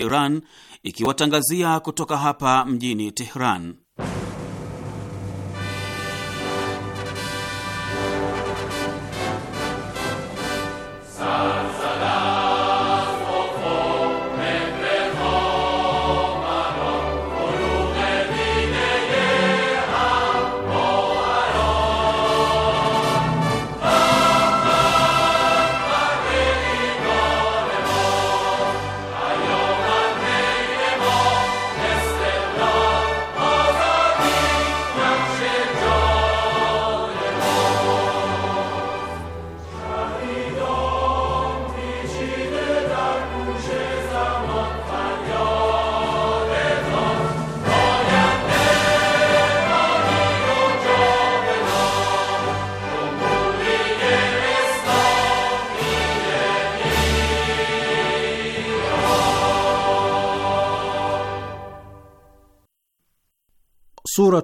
Iran ikiwatangazia kutoka hapa mjini Tehran.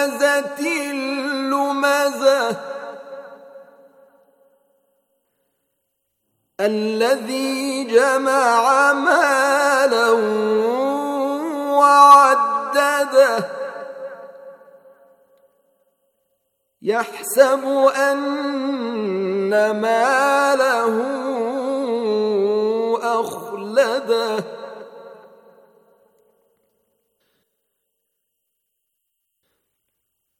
همزة لمزة الذي جمع مالا وعدده يحسب أن ماله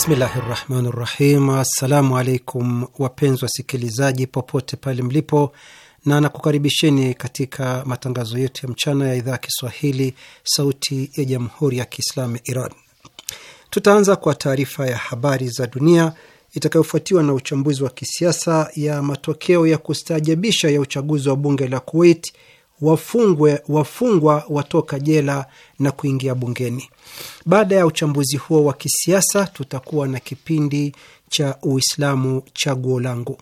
Bismillahi rahmani rahim. Assalamu alaikum wapenzi wasikilizaji popote pale mlipo, na nakukaribisheni katika matangazo yetu ya mchana ya idhaa ya Kiswahili sauti ya jamhuri ya Kiislamu ya Iran. Tutaanza kwa taarifa ya habari za dunia itakayofuatiwa na uchambuzi wa kisiasa ya matokeo ya kustaajabisha ya uchaguzi wa bunge la Kuwait wafungwe wafungwa watoka jela na kuingia bungeni. Baada ya uchambuzi huo wa kisiasa, tutakuwa na kipindi cha Uislamu chaguo langu.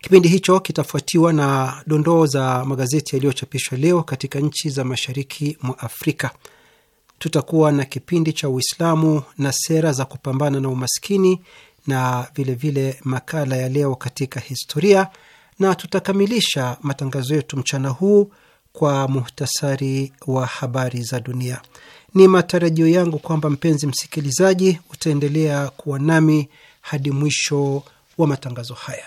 Kipindi hicho kitafuatiwa na dondoo za magazeti yaliyochapishwa leo katika nchi za mashariki mwa Afrika. Tutakuwa na kipindi cha Uislamu na sera za kupambana na umaskini na vilevile vile makala ya leo katika historia na tutakamilisha matangazo yetu mchana huu kwa muhtasari wa habari za dunia. Ni matarajio yangu kwamba mpenzi msikilizaji, utaendelea kuwa nami hadi mwisho wa matangazo haya.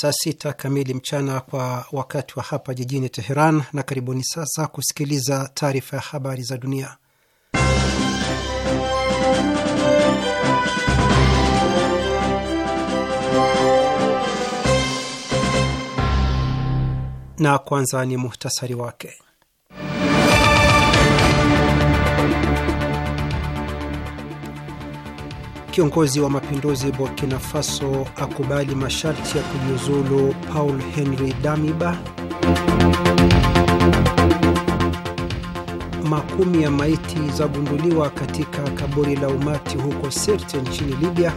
saa sita kamili mchana kwa wakati wa hapa jijini Teheran, na karibuni sasa kusikiliza taarifa ya habari za dunia. Na kwanza ni muhtasari wake. Kiongozi wa mapinduzi Burkina Faso akubali masharti ya kujiuzulu Paul henry Damiba. Makumi ya maiti zagunduliwa katika kaburi la umati huko Sirte nchini Libya.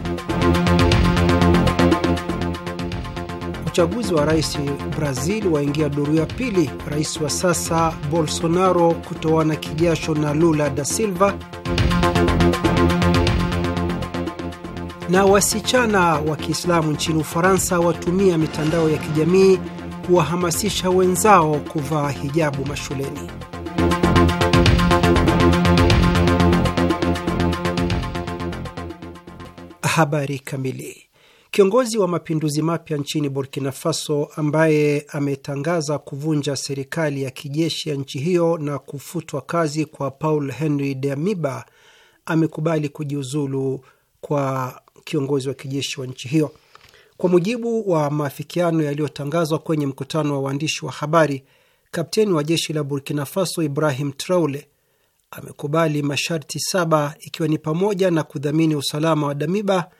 Uchaguzi wa rais Brazil waingia duru ya pili, rais wa sasa Bolsonaro kutoana kijasho na Lula da Silva. na wasichana wa Kiislamu nchini Ufaransa watumia mitandao ya kijamii kuwahamasisha wenzao kuvaa hijabu mashuleni. Habari kamili. Kiongozi wa mapinduzi mapya nchini Burkina Faso ambaye ametangaza kuvunja serikali ya kijeshi ya nchi hiyo na kufutwa kazi kwa Paul Henri Damiba amekubali kujiuzulu kwa kiongozi wa kijeshi wa nchi hiyo. Kwa mujibu wa maafikiano yaliyotangazwa kwenye mkutano wa waandishi wa habari, kapteni wa jeshi la Burkina Faso Ibrahim traule amekubali masharti saba, ikiwa ni pamoja na kudhamini usalama wa Damiba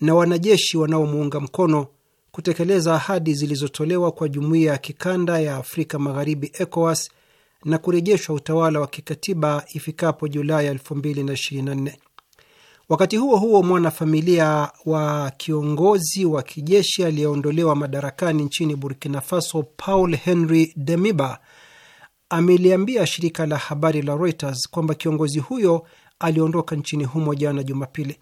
na wanajeshi wanaomuunga mkono, kutekeleza ahadi zilizotolewa kwa jumuiya ya kikanda ya Afrika Magharibi ECOWAS na kurejeshwa utawala wa kikatiba ifikapo Julai 2024. Wakati huo huo, mwanafamilia wa kiongozi wa kijeshi aliyeondolewa madarakani nchini Burkina Faso, Paul Henry Demiba, ameliambia shirika la habari la Reuters kwamba kiongozi huyo aliondoka nchini humo jana Jumapili.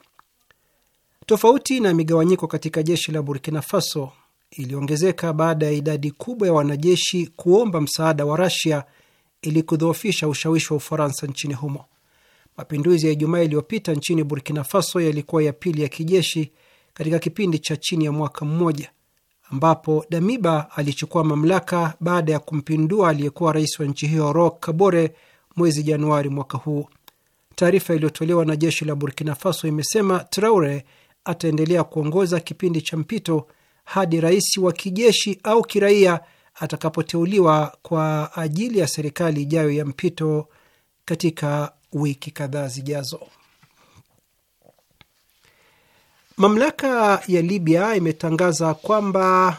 Tofauti na migawanyiko katika jeshi la Burkina Faso iliongezeka baada ya idadi kubwa ya wanajeshi kuomba msaada wa Rasia ili kudhoofisha ushawishi wa Ufaransa nchini humo. Mapinduzi ya Ijumaa iliyopita nchini Burkina Faso yalikuwa ya pili ya kijeshi katika kipindi cha chini ya mwaka mmoja, ambapo Damiba alichukua mamlaka baada ya kumpindua aliyekuwa rais wa nchi hiyo Roch Kabore mwezi Januari mwaka huu. Taarifa iliyotolewa na jeshi la Burkina Faso imesema Traore ataendelea kuongoza kipindi cha mpito hadi rais wa kijeshi au kiraia atakapoteuliwa kwa ajili ya serikali ijayo ya mpito katika wiki kadhaa zijazo. Mamlaka ya Libya imetangaza kwamba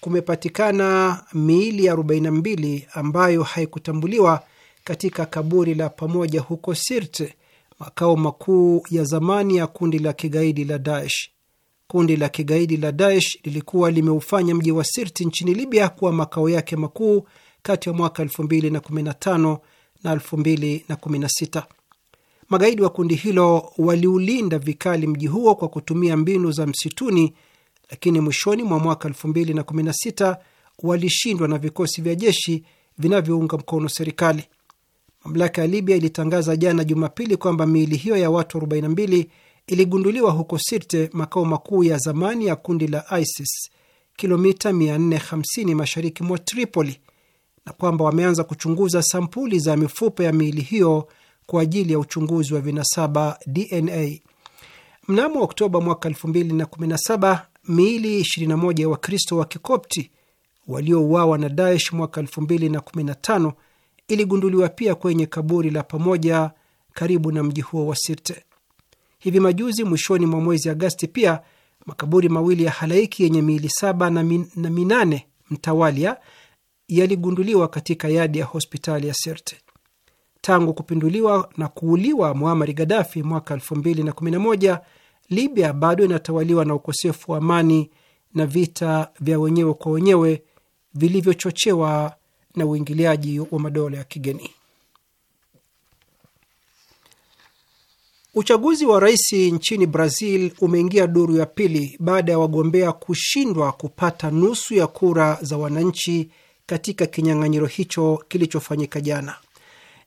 kumepatikana miili 42 ambayo haikutambuliwa katika kaburi la pamoja huko Sirte, makao makuu ya zamani ya kundi la kigaidi la Daesh. Kundi la kigaidi la Daesh lilikuwa limeufanya mji wa Sirte nchini Libya kuwa makao yake makuu kati ya mwaka 2015 na 2016. Magaidi wa kundi hilo waliulinda vikali mji huo kwa kutumia mbinu za msituni, lakini mwishoni mwa mwaka 2016 walishindwa na vikosi vya jeshi vinavyounga mkono serikali. Mamlaka ya Libya ilitangaza jana Jumapili kwamba miili hiyo ya watu 42 iligunduliwa huko Sirte, makao makuu ya zamani ya kundi la ISIS, kilomita 450 mashariki mwa Tripoli, na kwamba wameanza kuchunguza sampuli za mifupa ya miili hiyo kwa ajili ya uchunguzi wa vinasaba DNA. Mnamo Oktoba mwaka 2017 miili 21 ya Wakristo wa Kikopti waliouawa na Daesh mwaka 2015 iligunduliwa pia kwenye kaburi la pamoja karibu na mji huo wa Sirte. Hivi majuzi mwishoni mwa mwezi Agasti pia makaburi mawili ya halaiki yenye miili saba na, na minane mtawalia yaligunduliwa katika yadi ya hospitali ya Sirte. Tangu kupinduliwa na kuuliwa Muamari Gadafi mwaka 2011 Libya bado inatawaliwa na ukosefu wa amani na vita vya wenyewe kwa wenyewe vilivyochochewa na uingiliaji wa madola ya kigeni. Uchaguzi wa rais nchini Brazil umeingia duru ya pili baada ya wagombea kushindwa kupata nusu ya kura za wananchi katika kinyang'anyiro hicho kilichofanyika jana.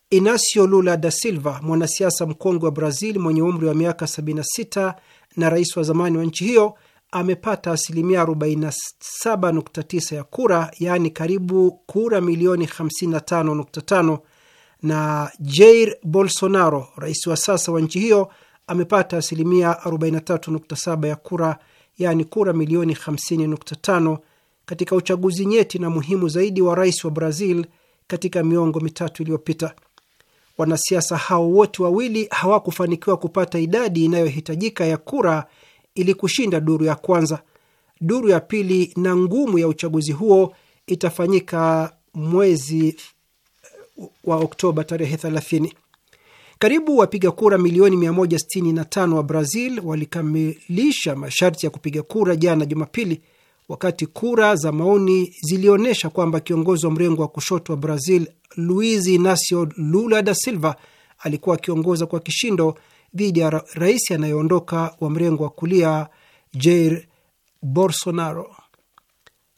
Inacio Lula da Silva, mwanasiasa mkongwe wa Brazil mwenye umri wa miaka 76 na rais wa zamani wa nchi hiyo, amepata asilimia 47.9 ya kura, yaani karibu kura milioni 55.5, na Jair Bolsonaro, rais wa sasa wa nchi hiyo, amepata asilimia 43.7 ya kura, yaani kura milioni 50.5 katika uchaguzi nyeti na muhimu zaidi wa rais wa Brazil katika miongo mitatu iliyopita. Wanasiasa hao wote wawili hawakufanikiwa kupata idadi inayohitajika ya kura ili kushinda duru ya kwanza. Duru ya pili na ngumu ya uchaguzi huo itafanyika mwezi eh, wa Oktoba tarehe 30. Karibu wapiga kura milioni 165 wa Brazil walikamilisha masharti ya kupiga kura jana Jumapili, wakati kura za maoni zilionyesha kwamba kiongozi wa mrengo wa kushoto wa Brazil Luiz Inacio Lula da Silva alikuwa akiongoza kwa kishindo dhidi ya rais anayeondoka wa mrengo wa kulia Jair Bolsonaro.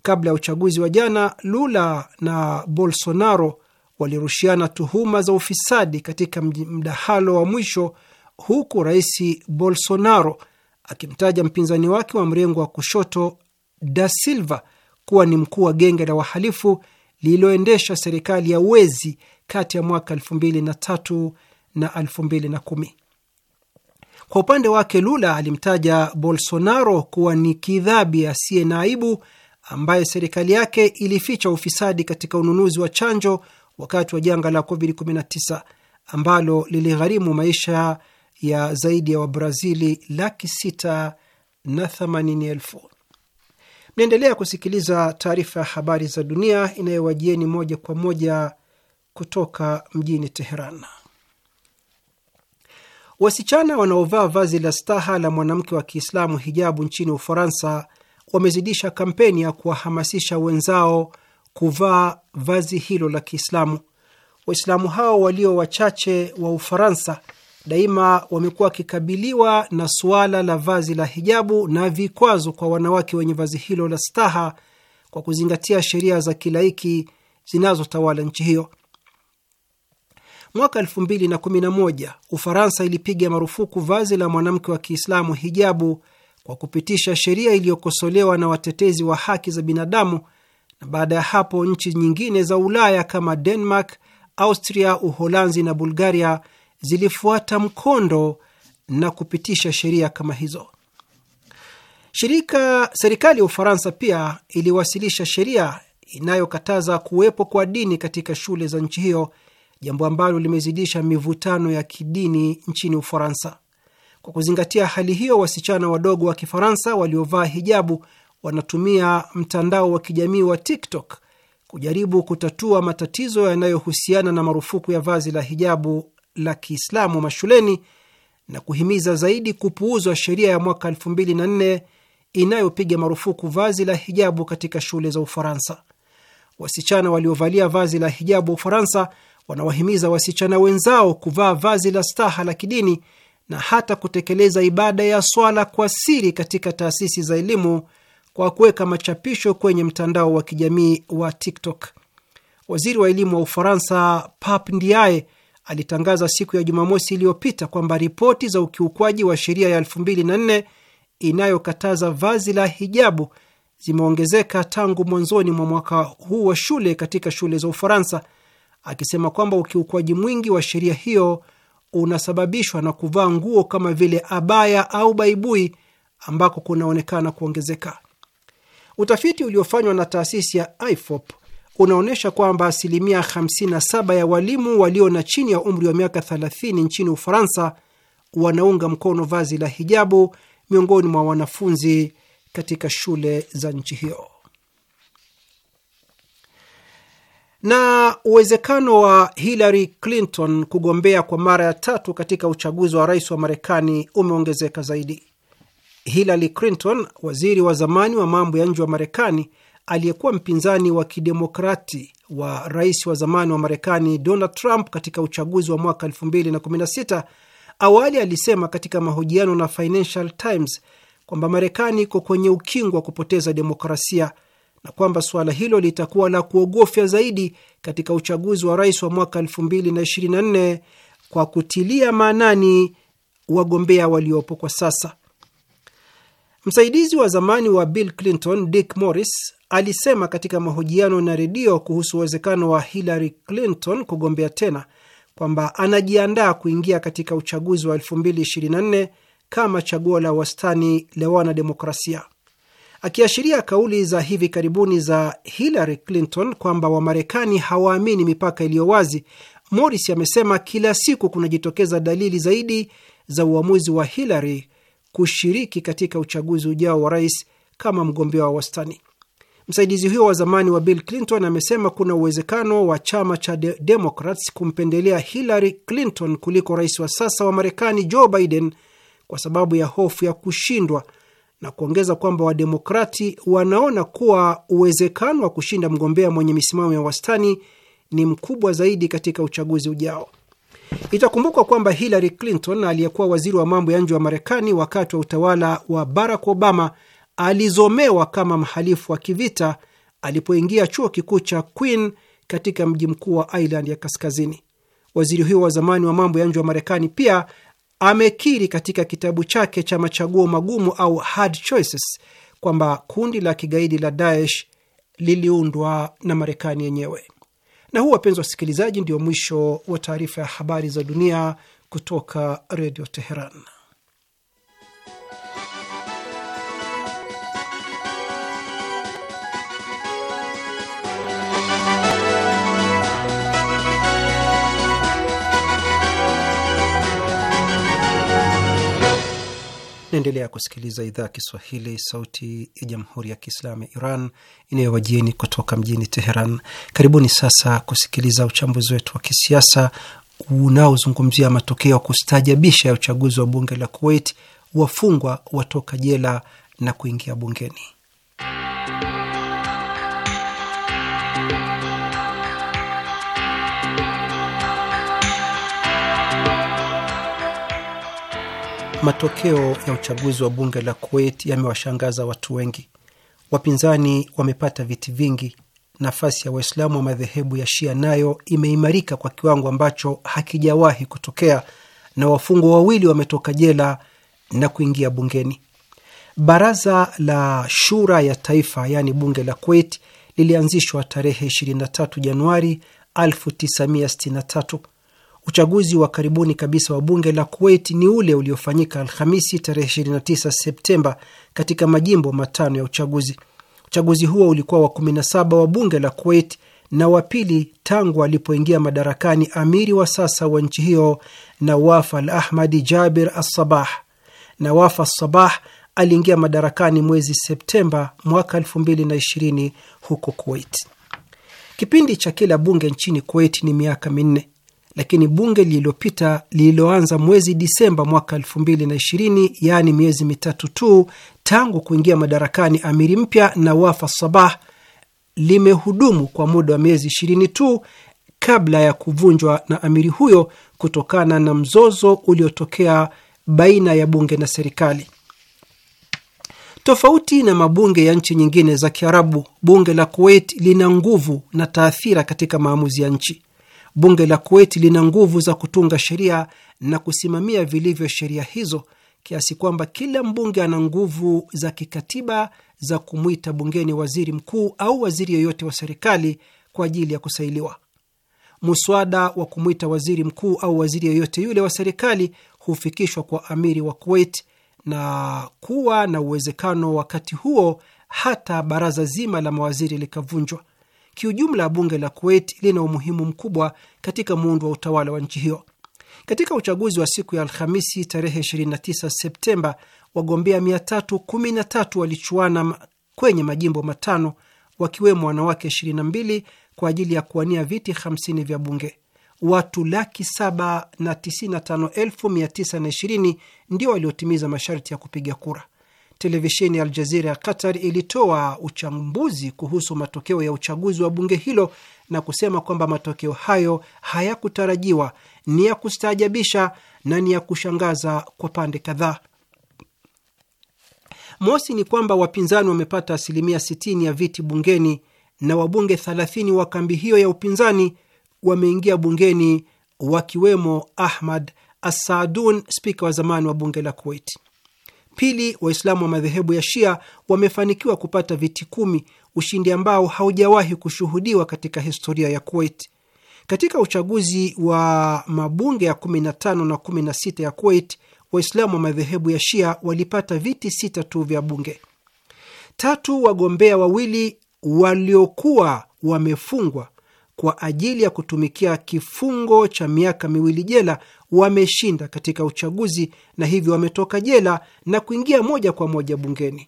Kabla ya uchaguzi wa jana, Lula na Bolsonaro walirushiana tuhuma za ufisadi katika mdahalo wa mwisho, huku rais Bolsonaro akimtaja mpinzani wake wa mrengo wa kushoto da Silva kuwa ni mkuu wa genge la wahalifu lililoendesha serikali ya wezi kati ya mwaka 2003 na 2010. Kwa upande wake, Lula alimtaja Bolsonaro kuwa ni kidhabi asiye na aibu ambaye serikali yake ilificha ufisadi katika ununuzi wa chanjo wakati wa janga la COVID-19 ambalo liligharimu maisha ya zaidi ya Wabrazili laki sita na themanini elfu. Mnaendelea kusikiliza taarifa ya habari za dunia inayowajieni moja kwa moja kutoka mjini Teheran. Wasichana wanaovaa vazi la staha la mwanamke wa Kiislamu, hijabu, nchini Ufaransa wamezidisha kampeni ya kuwahamasisha wenzao kuvaa vazi hilo la Kiislamu. Waislamu hao walio wachache wa Ufaransa daima wamekuwa wakikabiliwa na suala la vazi la hijabu na vikwazo kwa wanawake wenye vazi hilo la staha kwa kuzingatia sheria za kilaiki zinazotawala nchi hiyo. Mwaka 2011 Ufaransa ilipiga marufuku vazi la mwanamke wa Kiislamu, hijabu, kwa kupitisha sheria iliyokosolewa na watetezi wa haki za binadamu, na baada ya hapo nchi nyingine za Ulaya kama Denmark, Austria, Uholanzi na Bulgaria zilifuata mkondo na kupitisha sheria kama hizo. Shirika serikali ya Ufaransa pia iliwasilisha sheria inayokataza kuwepo kwa dini katika shule za nchi hiyo, jambo ambalo limezidisha mivutano ya kidini nchini Ufaransa. Kwa kuzingatia hali hiyo, wasichana wadogo wa Kifaransa waliovaa hijabu wanatumia mtandao wa kijamii wa TikTok kujaribu kutatua matatizo yanayohusiana na marufuku ya vazi la hijabu la Kiislamu mashuleni na kuhimiza zaidi kupuuzwa sheria ya mwaka 2004 inayopiga marufuku vazi la hijabu katika shule za Ufaransa. Wasichana waliovalia vazi la hijabu Ufaransa wanawahimiza wasichana wenzao kuvaa vazi la staha la kidini na hata kutekeleza ibada ya swala kwa siri katika taasisi za elimu kwa kuweka machapisho kwenye mtandao wa kijamii wa TikTok. Waziri wa elimu wa Ufaransa Pap Ndiaye alitangaza siku ya Jumamosi iliyopita kwamba ripoti za ukiukwaji wa sheria ya 2004 inayokataza vazi la hijabu zimeongezeka tangu mwanzoni mwa mwaka huu wa shule katika shule za Ufaransa, akisema kwamba ukiukwaji mwingi wa sheria hiyo unasababishwa na kuvaa nguo kama vile abaya au baibui ambako kunaonekana kuongezeka. Utafiti uliofanywa na taasisi ya IFOP unaonyesha kwamba asilimia 57 ya walimu walio na chini ya umri wa miaka 30 nchini Ufaransa wanaunga mkono vazi la hijabu miongoni mwa wanafunzi katika shule za nchi hiyo. Na uwezekano wa Hillary Clinton kugombea kwa mara ya tatu katika uchaguzi wa rais wa Marekani umeongezeka zaidi. Hillary Clinton, waziri wa zamani wa mambo ya nje wa Marekani, aliyekuwa mpinzani wa kidemokrati wa rais wa zamani wa Marekani Donald Trump katika uchaguzi wa mwaka 2016, awali alisema katika mahojiano na Financial Times kwamba Marekani iko kwenye ukingo wa kupoteza demokrasia na kwamba suala hilo litakuwa la kuogofya zaidi katika uchaguzi wa rais wa mwaka 2024 kwa kutilia maanani wagombea waliopo kwa sasa. Msaidizi wa zamani wa Bill Clinton Dick Morris alisema katika mahojiano na redio kuhusu uwezekano wa Hillary Clinton kugombea tena kwamba anajiandaa kuingia katika uchaguzi wa 2024 kama chaguo la wastani la wanademokrasia, akiashiria kauli za hivi karibuni za Hillary Clinton kwamba Wamarekani hawaamini mipaka iliyo wazi. Morris amesema kila siku kunajitokeza dalili zaidi za uamuzi wa Hillary kushiriki katika uchaguzi ujao wa rais kama mgombea wa wastani. Msaidizi huyo wa zamani wa Bill Clinton amesema kuna uwezekano wa chama cha de Democrats kumpendelea Hillary Clinton kuliko rais wa sasa wa Marekani Joe Biden kwa sababu ya hofu ya kushindwa na kuongeza kwamba Wademokrati wanaona kuwa uwezekano wa kushinda mgombea mwenye misimamo ya wastani ni mkubwa zaidi katika uchaguzi ujao. Itakumbukwa kwamba Hillary Clinton aliyekuwa waziri wa mambo ya nje wa Marekani wakati wa utawala wa Barack Obama alizomewa kama mhalifu wa kivita alipoingia chuo kikuu cha Queen katika mji mkuu wa Ireland ya Kaskazini. Waziri huyo wa zamani wa mambo ya nje wa Marekani pia amekiri katika kitabu chake cha machaguo magumu au Hard Choices kwamba kundi la kigaidi la Daesh liliundwa na Marekani yenyewe. Na huu, wapenzi wasikilizaji, ndio mwisho wa taarifa ya habari za dunia kutoka Redio Teheran. Naendelea kusikiliza idhaa ya Kiswahili, sauti ya jamhuri ya kiislamu ya Iran inayowajieni kutoka mjini Teheran. Karibuni sasa kusikiliza uchambuzi wetu wa kisiasa unaozungumzia matokeo ya kustajabisha ya uchaguzi wa bunge la Kuwait, wafungwa watoka jela na kuingia bungeni. Matokeo ya uchaguzi wa bunge la Kuwait yamewashangaza watu wengi. Wapinzani wamepata viti vingi. Nafasi ya Waislamu wa madhehebu ya Shia nayo imeimarika kwa kiwango ambacho hakijawahi kutokea, na wafungwa wawili wametoka jela na kuingia bungeni. Baraza la Shura ya Taifa, yaani bunge la Kuwait, lilianzishwa tarehe 23 Januari Uchaguzi wa karibuni kabisa wa bunge la Kuwait ni ule uliofanyika Alhamisi tarehe 29 Septemba katika majimbo matano ya uchaguzi. Uchaguzi huo ulikuwa wa 17 wa bunge la Kuwait na wa pili tangu alipoingia madarakani amiri wa sasa wa nchi hiyo Nawaf Al Ahmadi Jabir Assabah. Nawaf Assabah aliingia madarakani mwezi Septemba mwaka 2020 huko Kuwait. Kipindi cha kila bunge nchini Kuwait ni miaka minne lakini bunge lililopita lililoanza mwezi Disemba mwaka 2020 yaani miezi mitatu tu tangu kuingia madarakani amiri mpya Nawaf Sabah limehudumu kwa muda wa miezi ishirini tu kabla ya kuvunjwa na amiri huyo kutokana na mzozo uliotokea baina ya bunge na serikali. Tofauti na mabunge ya nchi nyingine za Kiarabu, bunge la Kuwait lina nguvu na taathira katika maamuzi ya nchi. Bunge la Kuwait lina nguvu za kutunga sheria na kusimamia vilivyo sheria hizo kiasi kwamba kila mbunge ana nguvu za kikatiba za kumwita bungeni waziri mkuu au waziri yoyote wa serikali kwa ajili ya kusailiwa. Muswada wa kumwita waziri mkuu au waziri yoyote yule wa serikali hufikishwa kwa amiri wa Kuwait na kuwa na uwezekano wakati huo hata baraza zima la mawaziri likavunjwa. Kiujumla, bunge la Kuwait lina umuhimu mkubwa katika muundo wa utawala wa nchi hiyo. Katika uchaguzi wa siku ya Alhamisi tarehe 29 Septemba, wagombea 313 walichuana kwenye majimbo matano, wakiwemo wanawake 22 kwa ajili ya kuwania viti 50 vya bunge. Watu laki 795920 na elfu ndio waliotimiza masharti ya kupiga kura televisheni ya Aljazira ya Qatar ilitoa uchambuzi kuhusu matokeo ya uchaguzi wa bunge hilo na kusema kwamba matokeo hayo hayakutarajiwa, ni ya kustaajabisha na ni ya kushangaza kwa pande kadhaa. Mosi ni kwamba wapinzani wamepata asilimia 60 ya viti bungeni na wabunge 30 wa kambi hiyo ya upinzani wameingia bungeni wakiwemo Ahmad assadun spika wa zamani wa bunge la Kuwaiti. Pili, Waislamu wa madhehebu ya Shia wamefanikiwa kupata viti kumi, ushindi ambao haujawahi kushuhudiwa katika historia ya Kuwait. Katika uchaguzi wa mabunge ya 15 na 16 ya Kuwait, Waislamu wa madhehebu ya Shia walipata viti sita tu vya bunge. Tatu, wagombea wawili waliokuwa wamefungwa kwa ajili ya kutumikia kifungo cha miaka miwili jela wameshinda katika uchaguzi na hivyo wametoka jela na kuingia moja kwa moja bungeni.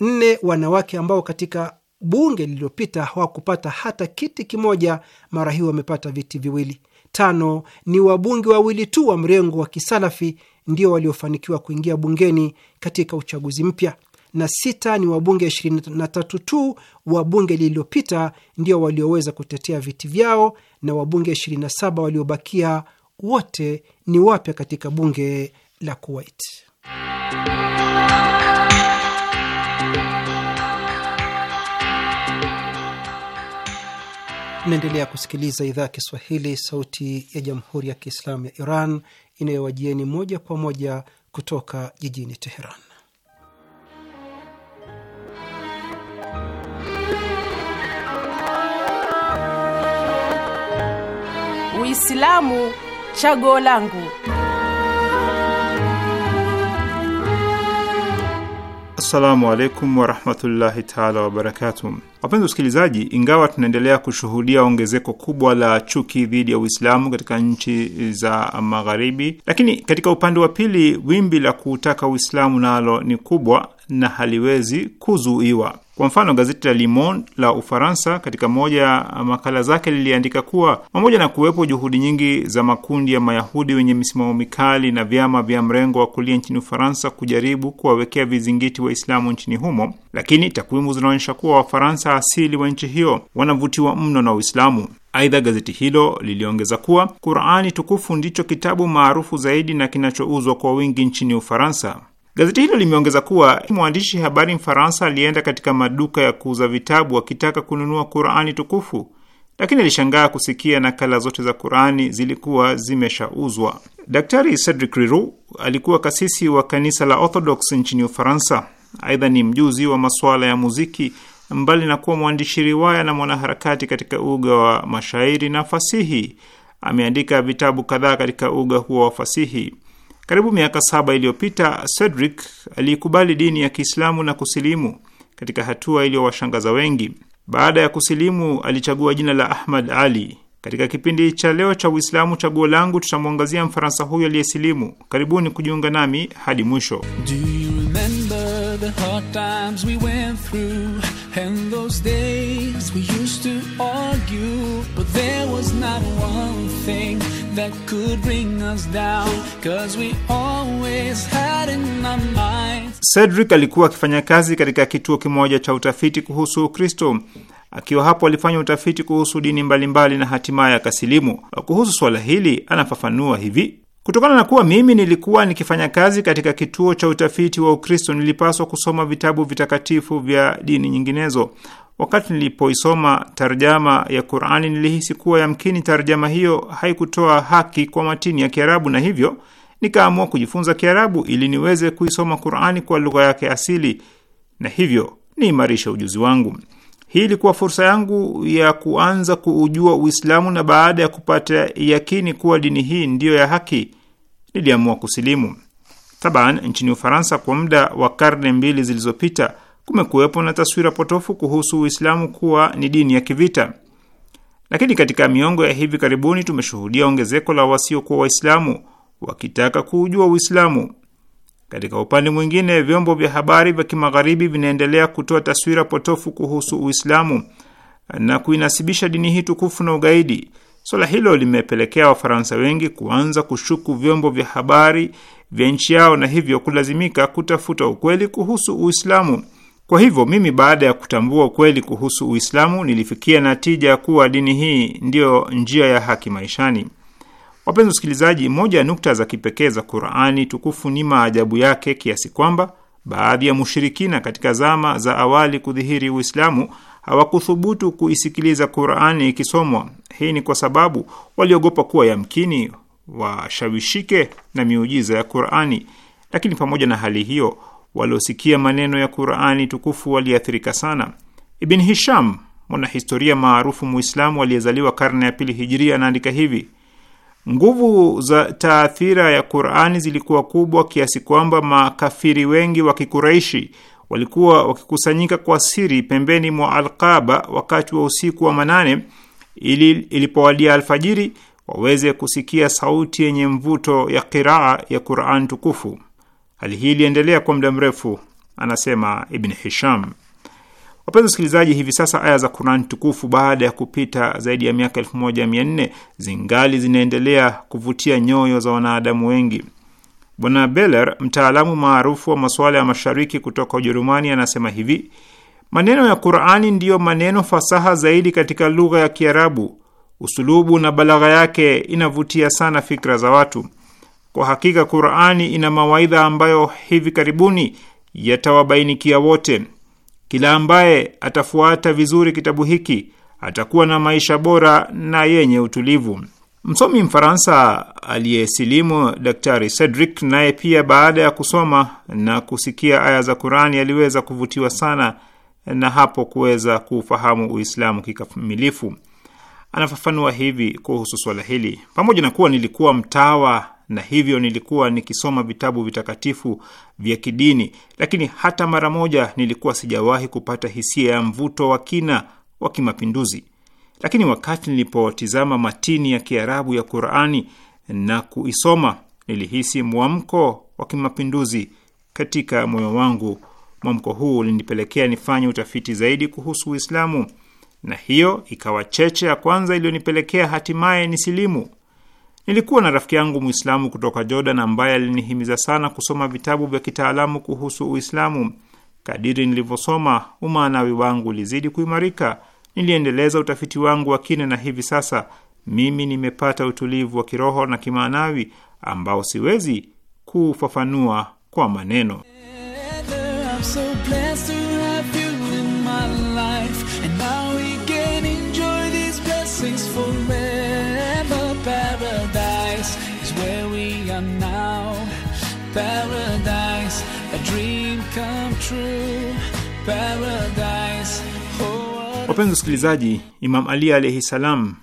Nne, wanawake ambao katika bunge lililopita hawakupata hata kiti kimoja, mara hii wamepata viti viwili. Tano, ni wabunge wawili tu wa mrengo wa kisalafi ndio waliofanikiwa kuingia bungeni katika uchaguzi mpya, na sita, ni wabunge 23 tu wa bunge lililopita ndio walioweza kutetea viti vyao, na wabunge 27 waliobakia wote ni wapya katika bunge la Kuwait. Naendelea kusikiliza idhaa ya Kiswahili, sauti ya jamhuri ya kiislamu ya Iran inayowajieni moja kwa moja kutoka jijini Teheran. Uislamu chaguo langu. Assalamu alaikum warahmatullahi taala wabarakatu Wapenzi wasikilizaji, ingawa tunaendelea kushuhudia ongezeko kubwa la chuki dhidi ya Uislamu katika nchi za Magharibi, lakini katika upande wa pili, wimbi la kuutaka Uislamu nalo ni kubwa na haliwezi kuzuiwa. Kwa mfano, gazeti la Le Monde la Ufaransa katika moja ya makala zake liliandika kuwa pamoja na kuwepo juhudi nyingi za makundi ya Mayahudi wenye misimamo mikali na vyama vya mrengo wa kulia nchini Ufaransa kujaribu kuwawekea vizingiti Waislamu nchini humo, lakini takwimu zinaonyesha kuwa Wafaransa asili wa nchi hiyo wanavutiwa mno na Uislamu. Aidha, gazeti hilo liliongeza kuwa Qurani tukufu ndicho kitabu maarufu zaidi na kinachouzwa kwa wingi nchini Ufaransa. Gazeti hilo limeongeza kuwa mwandishi habari Mfaransa alienda katika maduka ya kuuza vitabu akitaka kununua Qurani tukufu lakini alishangaa kusikia nakala zote za Qurani zilikuwa zimeshauzwa. Daktari Cedric Riro alikuwa kasisi wa kanisa la Orthodox nchini Ufaransa. Aidha ni mjuzi wa masuala ya muziki, mbali na kuwa mwandishi riwaya na mwanaharakati katika uga wa mashairi na fasihi. Ameandika vitabu kadhaa katika uga huo wa fasihi. Karibu miaka saba iliyopita, Cedric aliikubali dini ya Kiislamu na kusilimu katika hatua iliyowashangaza wengi. Baada ya kusilimu, alichagua jina la Ahmad Ali. Katika kipindi cha leo cha Uislamu Chaguo Langu, tutamwangazia Mfaransa huyo aliyesilimu. Karibuni kujiunga nami hadi mwisho. Do that could bring us down cause we always had in our minds. Cedric alikuwa akifanya kazi katika kituo kimoja cha utafiti kuhusu Ukristo. Akiwa hapo alifanya utafiti kuhusu dini mbalimbali mbali na hatimaye akasilimu. Kuhusu swala hili anafafanua hivi: Kutokana na kuwa mimi nilikuwa nikifanya kazi katika kituo cha utafiti wa Ukristo, nilipaswa kusoma vitabu vitakatifu vya dini nyinginezo. Wakati nilipoisoma tarjama ya Qur'ani, nilihisi kuwa yamkini tarjama hiyo haikutoa haki kwa matini ya Kiarabu, na hivyo nikaamua kujifunza Kiarabu ili niweze kuisoma Qur'ani kwa lugha yake asili na hivyo niimarishe ujuzi wangu. Hii ilikuwa fursa yangu ya kuanza kuujua Uislamu, na baada ya kupata yakini kuwa dini hii ndiyo ya haki, niliamua kusilimu. Taban, nchini Ufaransa kwa muda wa karne mbili zilizopita kumekuwepo na taswira potofu kuhusu Uislamu kuwa ni dini ya kivita. Lakini katika miongo ya hivi karibuni tumeshuhudia ongezeko la wasiokuwa Waislamu wakitaka kuujua Uislamu. Katika upande mwingine, vyombo vya habari vya kimagharibi vinaendelea kutoa taswira potofu kuhusu Uislamu na kuinasibisha dini hii tukufu na ugaidi. Swala hilo limepelekea Wafaransa wengi kuanza kushuku vyombo vya habari vya nchi yao na hivyo kulazimika kutafuta ukweli kuhusu Uislamu. Kwa hivyo mimi, baada ya kutambua ukweli kuhusu Uislamu, nilifikia natija kuwa dini hii ndiyo njia ya haki maishani. Wapenzi wasikilizaji, moja ya nukta za kipekee za Qur'ani tukufu ni maajabu yake kiasi kwamba baadhi ya mushirikina katika zama za awali kudhihiri Uislamu hawakuthubutu kuisikiliza Qur'ani ikisomwa. Hii ni kwa sababu waliogopa kuwa yamkini washawishike na miujiza ya Qur'ani. Lakini pamoja na hali hiyo waliosikia maneno ya Qurani tukufu waliathirika sana. Ibn Hisham, mwanahistoria maarufu Muislamu aliyezaliwa karne ya pili Hijiria, anaandika hivi: nguvu za taathira ya Qurani zilikuwa kubwa kiasi kwamba makafiri wengi wa Kikuraishi walikuwa wakikusanyika kwa siri pembeni mwa Alqaba wakati wa usiku wa manane ili ilipowalia alfajiri waweze kusikia sauti yenye mvuto ya qiraa ya Quran tukufu. Hali hii iliendelea kwa muda mrefu, anasema Ibn Hisham. Wapenzi wasikilizaji, hivi sasa aya za Quran tukufu baada ya kupita zaidi ya miaka elfu moja mia nne zingali zinaendelea kuvutia nyoyo za wanadamu wengi. Bwana Beller, mtaalamu maarufu wa masuala ya mashariki kutoka Ujerumani, anasema hivi: maneno ya Qurani ndiyo maneno fasaha zaidi katika lugha ya Kiarabu. Usulubu na balagha yake inavutia sana fikra za watu. Kwa hakika Qurani ina mawaidha ambayo hivi karibuni yatawabainikia wote. Kila ambaye atafuata vizuri kitabu hiki atakuwa na maisha bora na yenye utulivu. Msomi Mfaransa aliyesilimu Daktari Cedric naye pia, baada ya kusoma na kusikia aya za Qurani, aliweza kuvutiwa sana na hapo kuweza kufahamu Uislamu kikamilifu. Anafafanua hivi kuhusu swala hili: pamoja na kuwa nilikuwa mtawa na hivyo nilikuwa nikisoma vitabu vitakatifu vya kidini, lakini hata mara moja nilikuwa sijawahi kupata hisia ya mvuto wa kina wa kimapinduzi. Lakini wakati nilipotizama matini ya Kiarabu ya Qurani na kuisoma, nilihisi mwamko wa kimapinduzi katika moyo wangu. Mwamko huu ulinipelekea nifanye utafiti zaidi kuhusu Uislamu, na hiyo ikawa cheche ya kwanza iliyonipelekea hatimaye nisilimu. Nilikuwa na rafiki yangu Mwislamu kutoka Jordan ambaye alinihimiza sana kusoma vitabu vya kitaalamu kuhusu Uislamu. Kadiri nilivyosoma, umaanawi wangu ulizidi kuimarika. Niliendeleza utafiti wangu wa kina na hivi sasa mimi nimepata utulivu wa kiroho na kimaanawi ambao siwezi kufafanua kwa maneno. Paradise, a dream come true. Paradise, oh, wapenzi wasikilizaji, Imam Ali alaihi salam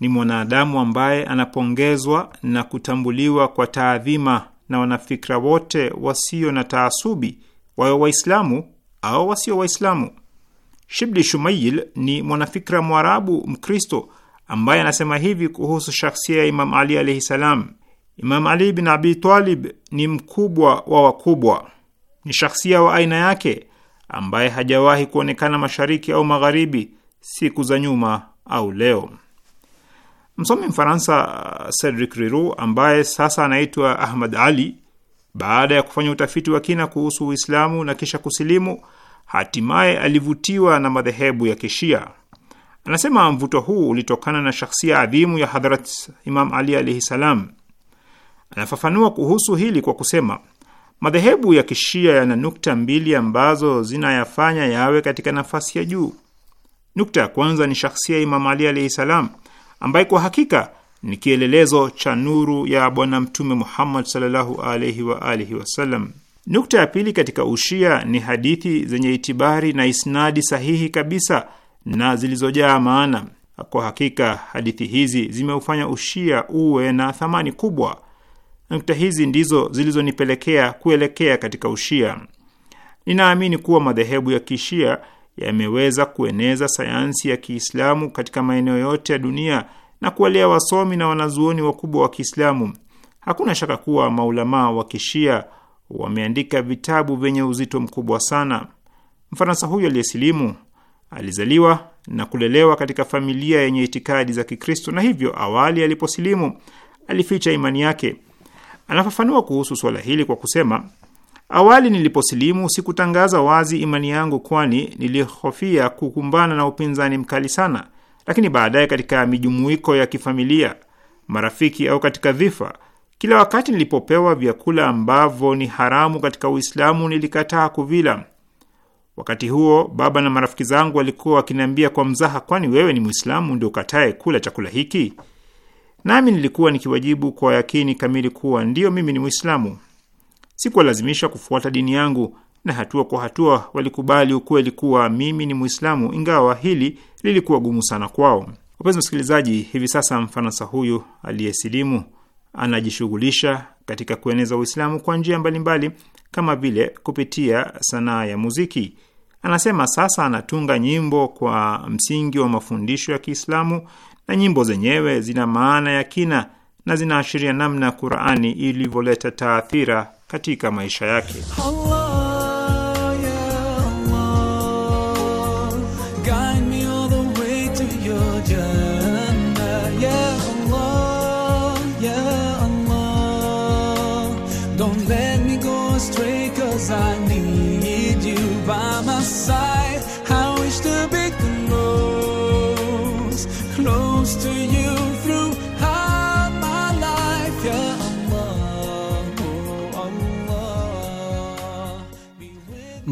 ni mwanadamu ambaye anapongezwa na kutambuliwa kwa taadhima na wanafikra wote wasio na taasubi, wawe Waislamu au wasio Waislamu. Shibli Shumail ni mwanafikra Mwarabu Mkristo ambaye anasema hivi kuhusu shakhsia ya Imam Ali alaihi salam: Imam Ali bin Abi Talib ni mkubwa wa wakubwa, ni shakhsia wa aina yake ambaye hajawahi kuonekana mashariki au magharibi siku za nyuma au leo. Msomi Mfaransa uh, Cedric Riro ambaye sasa anaitwa Ahmad Ali, baada ya kufanya utafiti wa kina kuhusu Uislamu na kisha kusilimu, hatimaye alivutiwa na madhehebu ya Kishia. Anasema mvuto huu ulitokana na shakhsia adhimu ya Hadhrat Imam Ali alaihi salam Anafafanua kuhusu hili kwa kusema madhehebu ya kishia yana nukta mbili ambazo zinayafanya yawe katika nafasi ya juu. Nukta ya kwanza ni shakhsia Imam Ali alaihi salam, ambaye kwa hakika ni kielelezo cha nuru ya Bwana Mtume Muhammad sallallahu alaihi wa alihi wasallam. Nukta ya pili katika ushia ni hadithi zenye itibari na isnadi sahihi kabisa na zilizojaa maana. Kwa hakika hadithi hizi zimeufanya ushia uwe na thamani kubwa Nukta hizi ndizo zilizonipelekea kuelekea katika Ushia. Ninaamini kuwa madhehebu ya Kishia yameweza kueneza sayansi ya Kiislamu katika maeneo yote ya dunia na kuwalea wasomi na wanazuoni wakubwa wa Kiislamu. Hakuna shaka kuwa maulamaa wa Kishia wameandika vitabu vyenye uzito mkubwa sana. Mfaransa huyu aliyesilimu alizaliwa na kulelewa katika familia yenye itikadi za Kikristo na hivyo awali aliposilimu alificha imani yake. Anafafanua kuhusu suala hili kwa kusema, awali niliposilimu sikutangaza wazi imani yangu, kwani nilihofia kukumbana na upinzani mkali sana, lakini baadaye katika mijumuiko ya kifamilia, marafiki au katika dhifa kila wakati nilipopewa vyakula ambavyo ni haramu katika Uislamu nilikataa kuvila. Wakati huo baba na marafiki zangu walikuwa wakiniambia kwa mzaha, kwani wewe ni Mwislamu ndio ukatae kula chakula hiki? nami nilikuwa nikiwajibu kwa yakini kamili kuwa ndiyo, mimi ni Mwislamu. Sikuwalazimisha kufuata dini yangu, na hatua kwa hatua walikubali ukweli kuwa mimi ni Mwislamu, ingawa hili lilikuwa gumu sana kwao. Wapenzi msikilizaji, hivi sasa mfaransa huyu aliyesilimu anajishughulisha katika kueneza Uislamu kwa njia mbalimbali kama vile kupitia sanaa ya muziki. Anasema sasa anatunga nyimbo kwa msingi wa mafundisho ya Kiislamu na nyimbo zenyewe zina maana ya kina na zinaashiria namna Qurani ilivyoleta taathira katika maisha yake Allah.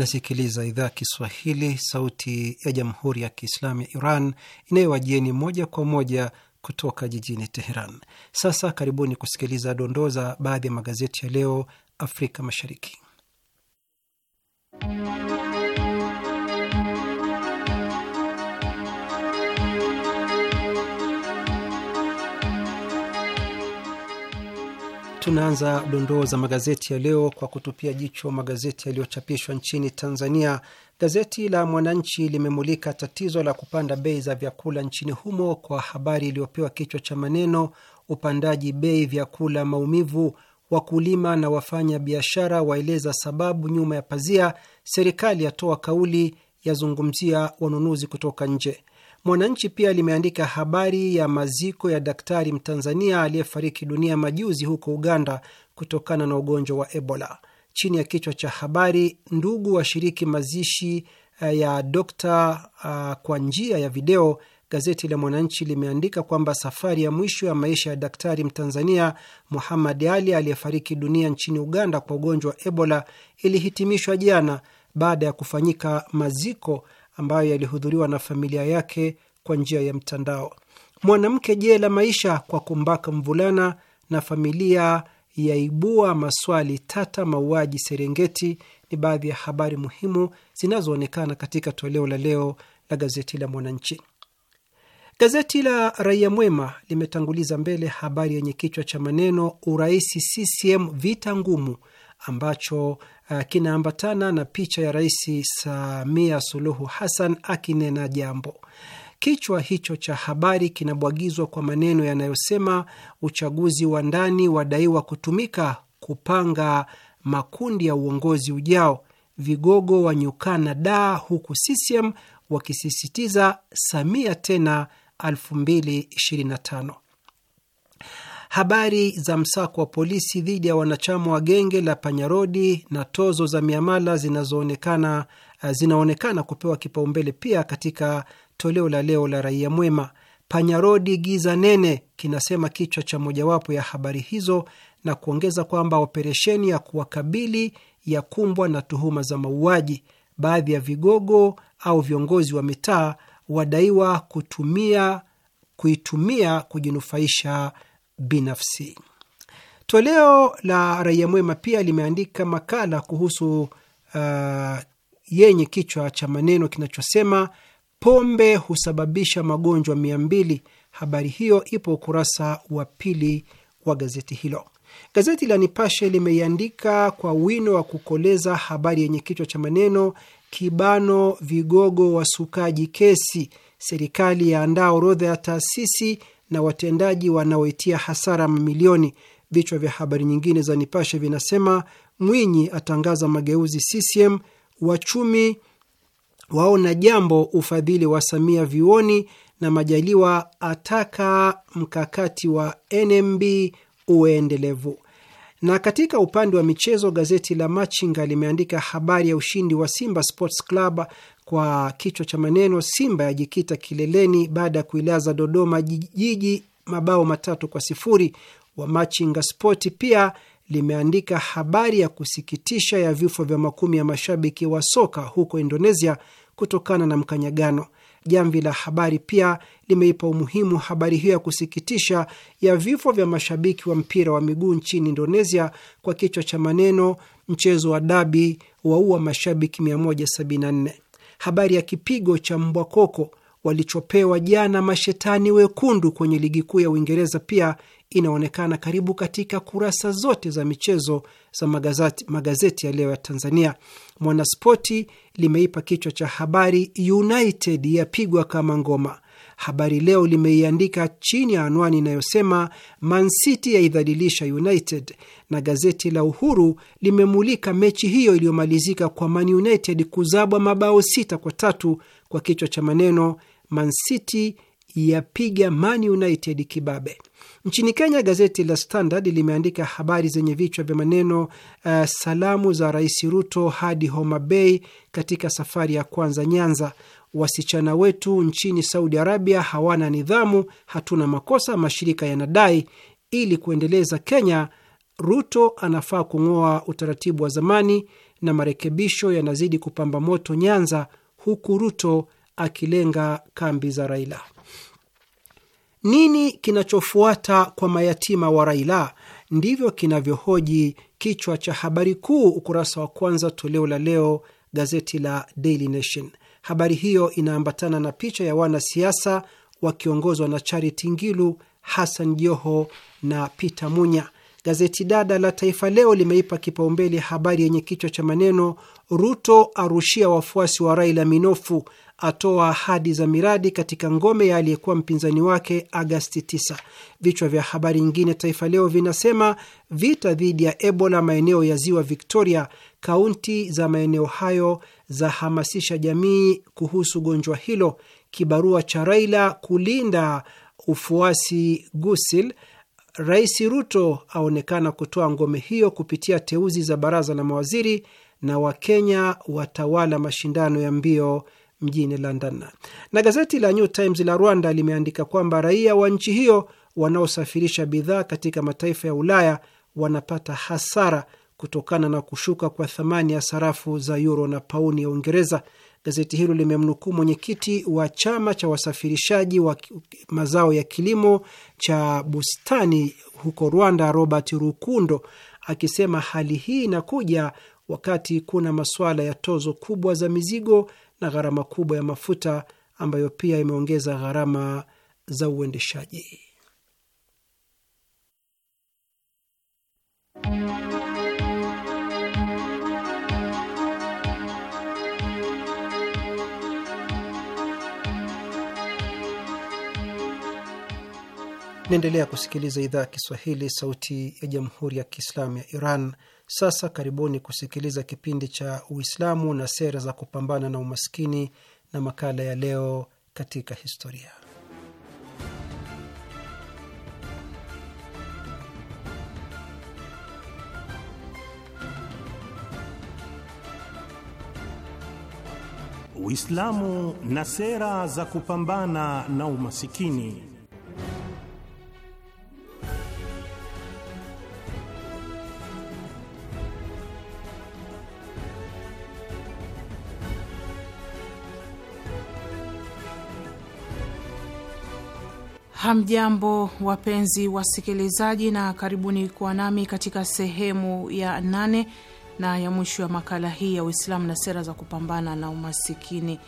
Mnasikiliza idhaa Kiswahili sauti ya jamhuri ya Kiislamu ya Iran inayowajieni moja kwa moja kutoka jijini Teheran. Sasa karibuni kusikiliza dondoo za baadhi ya magazeti ya leo Afrika Mashariki. Tunaanza dondoo za magazeti ya leo kwa kutupia jicho magazeti yaliyochapishwa nchini Tanzania. Gazeti la Mwananchi limemulika tatizo la kupanda bei za vyakula nchini humo kwa habari iliyopewa kichwa cha maneno, upandaji bei vyakula maumivu, wakulima na wafanya biashara waeleza sababu nyuma ya pazia, serikali yatoa kauli yazungumzia wanunuzi kutoka nje. Mwananchi pia limeandika habari ya maziko ya daktari mtanzania aliyefariki dunia majuzi huko Uganda kutokana na ugonjwa wa Ebola chini ya kichwa cha habari, ndugu washiriki mazishi eh, ya dokta uh, kwa njia ya video. Gazeti la Mwananchi limeandika kwamba safari ya mwisho ya maisha ya daktari mtanzania Muhammad Ali aliyefariki dunia nchini Uganda kwa ugonjwa wa Ebola ilihitimishwa jana baada ya kufanyika maziko ambayo yalihudhuriwa na familia yake kwa njia ya mtandao. Mwanamke je la maisha kwa kumbaka mvulana na familia yaibua maswali tata, mauaji Serengeti ni baadhi ya habari muhimu zinazoonekana katika toleo la leo la gazeti la Mwananchi. Gazeti la Raia Mwema limetanguliza mbele habari yenye kichwa cha maneno, urais CCM vita ngumu, ambacho uh, kinaambatana na picha ya Rais Samia Suluhu Hassan akinena jambo. Kichwa hicho cha habari kinabwagizwa kwa maneno yanayosema uchaguzi wa ndani wadaiwa kutumika kupanga makundi ya uongozi ujao, vigogo wanyukana da, huku CCM wakisisitiza Samia tena habari za msako wa polisi dhidi ya wanachama wa genge la panyarodi na tozo za miamala zinazoonekana eh, zinaonekana kupewa kipaumbele pia katika toleo la leo la Raia Mwema. Panyarodi giza nene, kinasema kichwa cha mojawapo ya habari hizo, na kuongeza kwamba operesheni ya kuwakabili ya kumbwa na tuhuma za mauaji. Baadhi ya vigogo au viongozi wa mitaa wadaiwa kutumia kuitumia kujinufaisha binafsi. Toleo la Raia Mwema pia limeandika makala kuhusu uh, yenye kichwa cha maneno kinachosema pombe husababisha magonjwa mia mbili. Habari hiyo ipo ukurasa wa pili wa gazeti hilo. Gazeti la Nipashe limeiandika kwa wino wa kukoleza habari yenye kichwa cha maneno kibano vigogo wasukaji kesi, serikali yaandaa orodha ya taasisi na watendaji wanaoitia hasara mamilioni. Vichwa vya habari nyingine za Nipashe vinasema Mwinyi atangaza mageuzi CCM, wachumi waona jambo ufadhili wa Samia vioni, na Majaliwa ataka mkakati wa NMB uwe endelevu. Na katika upande wa michezo, gazeti la Machinga limeandika habari ya ushindi wa Simba Sports Club kwa kichwa cha maneno, Simba yajikita kileleni baada ya kuilaza Dodoma Jiji mabao matatu kwa sifuri. Wa Machinga sport pia limeandika habari ya kusikitisha ya vifo vya makumi ya mashabiki wa soka huko Indonesia kutokana na mkanyagano. Jamvi la Habari pia limeipa umuhimu habari hiyo ya kusikitisha ya vifo vya mashabiki wa mpira wa miguu nchini Indonesia kwa kichwa cha maneno, mchezo wa dabi waua mashabiki 174. Habari ya kipigo cha mbwa koko walichopewa jana mashetani wekundu kwenye ligi kuu ya Uingereza pia inaonekana karibu katika kurasa zote za michezo za magazeti, magazeti ya leo ya Tanzania. Mwanaspoti limeipa kichwa cha habari United yapigwa kama ngoma. Habari Leo limeiandika chini ya anwani inayosema Man City yaidhalilisha United, na gazeti la Uhuru limemulika mechi hiyo iliyomalizika kwa Man United kuzabwa mabao sita kwa tatu kwa kichwa cha maneno Man City yapiga Man United kibabe. Nchini Kenya, gazeti la Standard limeandika habari zenye vichwa vya maneno uh, salamu za Rais Ruto hadi Homa Bay katika safari ya kwanza Nyanza, wasichana wetu nchini Saudi Arabia hawana nidhamu, hatuna makosa, mashirika yanadai. Ili kuendeleza Kenya, Ruto anafaa kung'oa utaratibu wa zamani, na marekebisho yanazidi kupamba moto Nyanza, huku Ruto akilenga kambi za Raila. Nini kinachofuata kwa mayatima wa Raila? Ndivyo kinavyohoji kichwa cha habari kuu ukurasa wa kwanza toleo la leo gazeti la Daily Nation. Habari hiyo inaambatana na picha ya wanasiasa wakiongozwa na Charity Ngilu, Hassan Joho na Peter Munya. Gazeti dada la Taifa Leo limeipa kipaumbele habari yenye kichwa cha maneno Ruto arushia wafuasi wa Raila minofu, atoa ahadi za miradi katika ngome ya aliyekuwa mpinzani wake Agasti 9. Vichwa vya habari nyingine Taifa Leo vinasema vita dhidi ya Ebola maeneo ya ziwa Victoria, kaunti za maeneo hayo zahamasisha jamii kuhusu gonjwa hilo, kibarua cha Raila kulinda ufuasi Gusil, Rais Ruto aonekana kutoa ngome hiyo kupitia teuzi za baraza la mawaziri, na Wakenya watawala mashindano ya mbio mjini London. Na gazeti la New Times la Rwanda limeandika kwamba raia wa nchi hiyo wanaosafirisha bidhaa katika mataifa ya Ulaya wanapata hasara kutokana na kushuka kwa thamani ya sarafu za yuro na pauni ya Uingereza. Gazeti hilo limemnukuu mwenyekiti wa chama cha wasafirishaji wa mazao ya kilimo cha bustani huko Rwanda, Robert Rukundo, akisema hali hii inakuja wakati kuna masuala ya tozo kubwa za mizigo na gharama kubwa ya mafuta ambayo pia imeongeza gharama za uendeshaji. Naendelea kusikiliza idhaa ya Kiswahili, sauti ya jamhuri ya kiislamu ya Iran. Sasa karibuni kusikiliza kipindi cha Uislamu na sera za kupambana na umaskini na makala ya leo katika historia. Uislamu na sera za kupambana na umasikini. Hamjambo, wapenzi wasikilizaji, na karibuni kuwa nami katika sehemu ya nane na ya mwisho ya makala hii ya Uislamu na sera za kupambana na umasikini.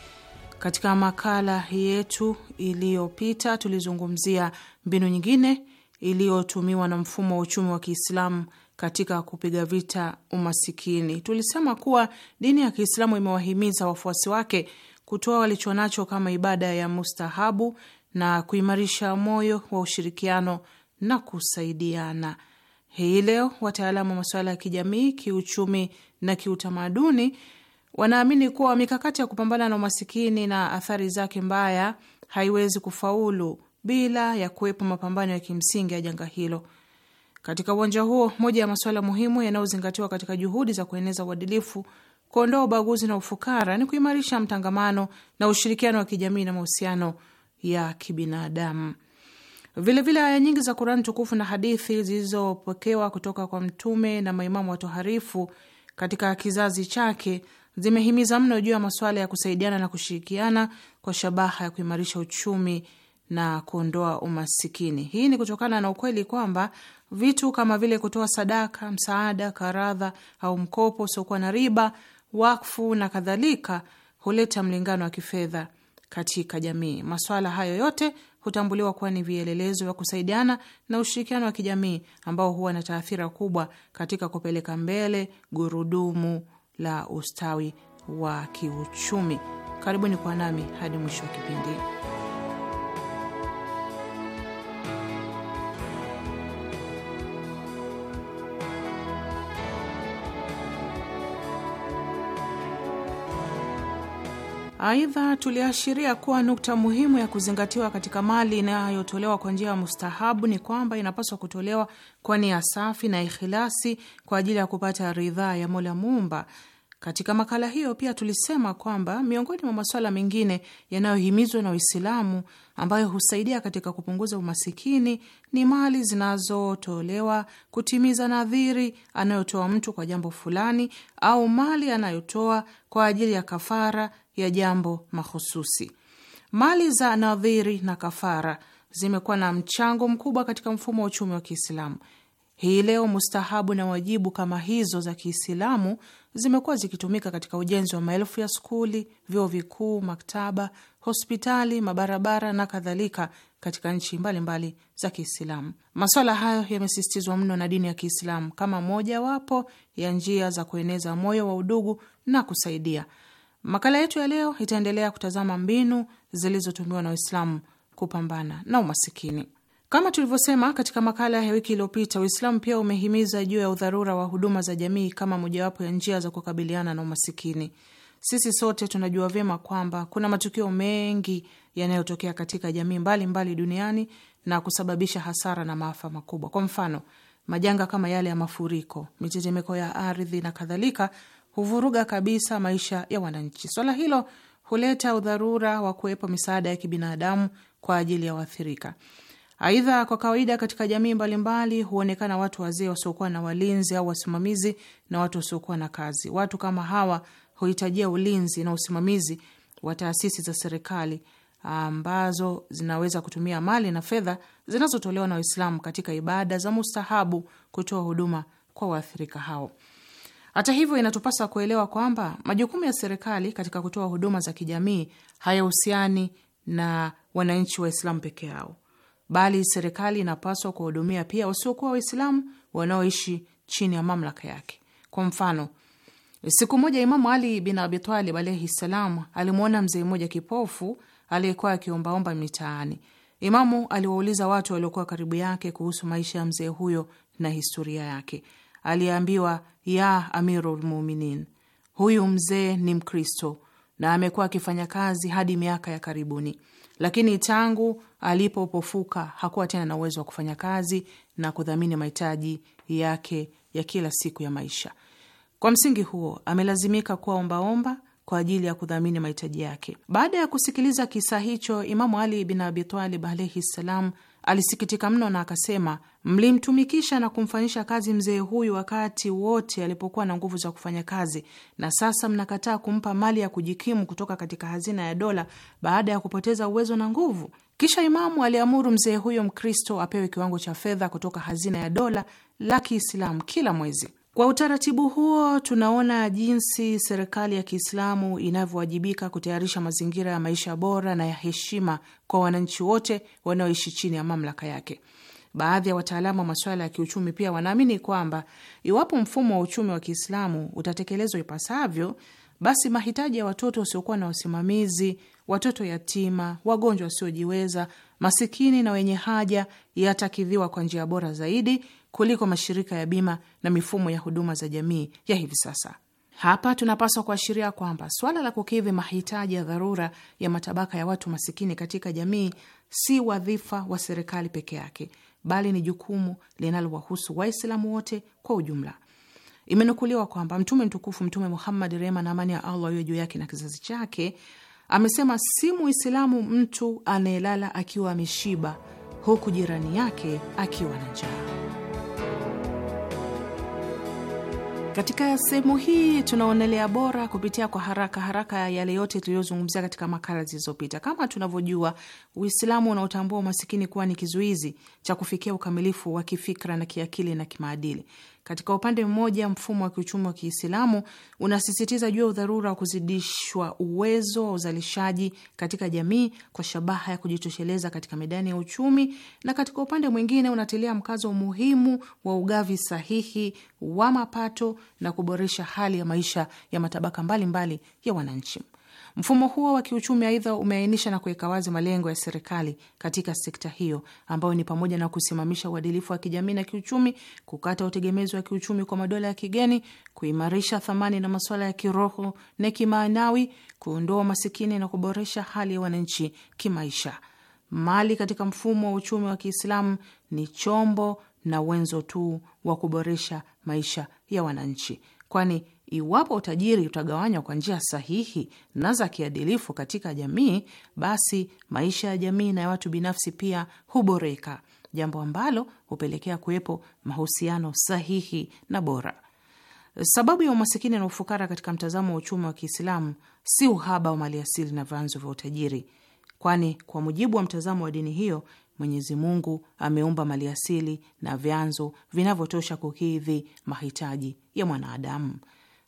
Katika makala yetu iliyopita, tulizungumzia mbinu nyingine iliyotumiwa na mfumo wa uchumi wa Kiislamu katika kupiga vita umasikini. Tulisema kuwa dini ya Kiislamu imewahimiza wafuasi wake kutoa walichonacho kama ibada ya mustahabu na kuimarisha moyo wa ushirikiano na kusaidiana. Hii leo wataalamu wa masuala ya kijamii, kiuchumi na kiutamaduni wanaamini kuwa mikakati ya kupambana na umasikini na athari zake mbaya haiwezi kufaulu bila ya kuwepo mapambano ya kimsingi ya janga hilo. Katika uwanja huo, moja ya masuala muhimu yanayozingatiwa katika juhudi za kueneza uadilifu, kuondoa ubaguzi na ufukara ni kuimarisha mtangamano na ushirikiano wa kijamii na mahusiano ya kibinadamu. Vilevile aya nyingi za Kurani tukufu na hadithi zilizopokewa kutoka kwa Mtume na maimamu watoharifu katika kizazi chake zimehimiza mno juu ya masuala ya kusaidiana na kushirikiana kwa shabaha ya kuimarisha uchumi na kuondoa umasikini. Hii ni kutokana na ukweli kwamba vitu kama vile kutoa sadaka, msaada, karadha au mkopo usiokuwa na riba, wakfu na kadhalika huleta mlingano wa kifedha katika jamii. Maswala hayo yote hutambuliwa kuwa ni vielelezo vya kusaidiana na ushirikiano wa kijamii ambao huwa na taathira kubwa katika kupeleka mbele gurudumu la ustawi wa kiuchumi. Karibuni kwa nami hadi mwisho wa kipindi. Aidha, tuliashiria kuwa nukta muhimu ya kuzingatiwa katika mali inayotolewa kwa njia ya mustahabu ni kwamba inapaswa kutolewa kwa nia safi na ikhilasi kwa ajili ya kupata ridhaa ya Mola Muumba. Katika makala hiyo pia tulisema kwamba miongoni mwa masuala mengine yanayohimizwa na Uislamu ambayo husaidia katika kupunguza umasikini ni mali zinazotolewa kutimiza nadhiri anayotoa mtu kwa jambo fulani au mali anayotoa kwa ajili ya kafara ya jambo mahususi. Mali za nadhiri na kafara zimekuwa na mchango mkubwa katika mfumo wa uchumi wa Kiislamu. Hii leo mustahabu na wajibu kama hizo za Kiislamu zimekuwa zikitumika katika ujenzi wa maelfu ya skuli, vyuo vikuu, maktaba, hospitali, mabarabara na kadhalika katika nchi mbalimbali mbali za Kiislamu. Maswala hayo yamesisitizwa mno na dini ya Kiislamu kama mojawapo ya njia za kueneza moyo wa udugu na kusaidia Makala yetu ya leo itaendelea kutazama mbinu zilizotumiwa na Waislamu kupambana na umasikini. Kama tulivyosema katika makala ya wiki iliyopita, Uislamu pia umehimiza juu ya udharura wa huduma za jamii kama mojawapo ya njia za kukabiliana na umasikini. Sisi sote tunajua vyema kwamba kuna matukio mengi yanayotokea katika jamii mbalimbali mbali duniani na kusababisha hasara na maafa makubwa. Kwa mfano, majanga kama yale ya mafuriko, mitetemeko ya ardhi na kadhalika huvuruga kabisa maisha ya wananchi. Swala hilo huleta udharura wa kuwepo misaada ya kibinadamu kwa ajili ya waathirika. Aidha, kwa kawaida katika jamii mbalimbali huonekana watu wazee wasiokuwa na walinzi au wasimamizi na watu wasiokuwa na kazi. Watu kama hawa huhitajia ulinzi na usimamizi wa taasisi za serikali ambazo zinaweza kutumia mali na fedha zinazotolewa na Waislamu katika ibada za mustahabu kutoa huduma kwa waathirika hao. Hata hivyo, inatupasa kuelewa kwamba majukumu ya serikali katika kutoa huduma za kijamii hayahusiani na wananchi Waislamu peke yao, bali serikali inapaswa kuwahudumia pia wasiokuwa Waislamu wanaoishi chini ya mamlaka yake. Kwa mfano, siku moja Imamu Ali bin Abitalib alaihi ssalam alimwona mzee mmoja kipofu aliyekuwa akiombaomba mitaani. Imamu aliwauliza watu waliokuwa karibu yake kuhusu maisha ya mzee huyo na historia yake aliyeambiwa ya Amirul Muminin, huyu mzee ni Mkristo na amekuwa akifanya kazi hadi miaka ya karibuni, lakini tangu alipopofuka hakuwa tena na uwezo wa kufanya kazi na kudhamini mahitaji yake ya kila siku ya maisha. Kwa msingi huo, amelazimika kuwa ombaomba kwa ajili ya kudhamini mahitaji yake. Baada ya kusikiliza kisa hicho, Imamu Ali bin Abitalib alaihi ssalam alisikitika mno na akasema, mlimtumikisha na kumfanyisha kazi mzee huyu wakati wote alipokuwa na nguvu za kufanya kazi, na sasa mnakataa kumpa mali ya kujikimu kutoka katika hazina ya dola baada ya kupoteza uwezo na nguvu. Kisha Imamu aliamuru mzee huyo Mkristo apewe kiwango cha fedha kutoka hazina ya dola la Kiislamu kila mwezi. Kwa utaratibu huo tunaona jinsi serikali ya Kiislamu inavyowajibika kutayarisha mazingira ya maisha bora na ya heshima kwa wananchi wote wanaoishi chini ya mamlaka yake. Baadhi ya wataalamu wa masuala ya kiuchumi pia wanaamini kwamba iwapo mfumo wa uchumi wa Kiislamu utatekelezwa ipasavyo, basi mahitaji ya watoto wasiokuwa na wasimamizi watoto yatima, wagonjwa wasiojiweza, masikini na wenye haja yatakidhiwa kwa njia bora zaidi kuliko mashirika ya bima na mifumo ya huduma za jamii ya hivi sasa. Hapa tunapaswa kuashiria kwamba swala la kukidhi mahitaji ya dharura ya matabaka ya watu masikini katika jamii si wadhifa wa serikali peke yake, bali ni jukumu linalowahusu Waislamu wote kwa ujumla. Imenukuliwa kwamba Mtume mtukufu Mtume Muhammad, rehma na amani ya Allah iwe juu yake na kizazi chake, amesema si Muislamu mtu anayelala akiwa ameshiba huku jirani yake akiwa na njaa. Katika sehemu hii tunaonelea bora kupitia kwa haraka haraka yale yote tuliyozungumzia katika makala zilizopita. Kama tunavyojua, Uislamu unaotambua umasikini kuwa ni kizuizi cha kufikia ukamilifu wa kifikra na kiakili na kimaadili. Katika upande mmoja, mfumo wa kiuchumi wa Kiislamu unasisitiza juu ya udharura wa kuzidishwa uwezo wa uzalishaji katika jamii kwa shabaha ya kujitosheleza katika medani ya uchumi, na katika upande mwingine unatilia mkazo umuhimu wa ugavi sahihi wa mapato na kuboresha hali ya maisha ya matabaka mbalimbali mbali ya wananchi. Mfumo huo wa kiuchumi aidha umeainisha na kuweka wazi malengo ya serikali katika sekta hiyo ambayo ni pamoja na kusimamisha uadilifu wa kijamii na kiuchumi, kukata utegemezi wa kiuchumi kwa madola ya kigeni, kuimarisha thamani na masuala ya kiroho na kimaanawi, kuondoa masikini na kuboresha hali ya wananchi kimaisha. Mali katika mfumo wa uchumi wa Kiislamu ni chombo na wenzo tu wa kuboresha maisha ya wananchi kwani iwapo utajiri utagawanywa kwa njia sahihi na za kiadilifu katika jamii, basi maisha ya jamii na ya watu binafsi pia huboreka, jambo ambalo hupelekea kuwepo mahusiano sahihi na bora. Sababu ya umasikini na ufukara katika mtazamo wa uchumi wa Kiislamu si uhaba wa maliasili na vyanzo vya utajiri, kwani kwa mujibu wa mtazamo wa dini hiyo Mwenyezi Mungu ameumba maliasili na vyanzo vinavyotosha kukidhi mahitaji ya mwanadamu,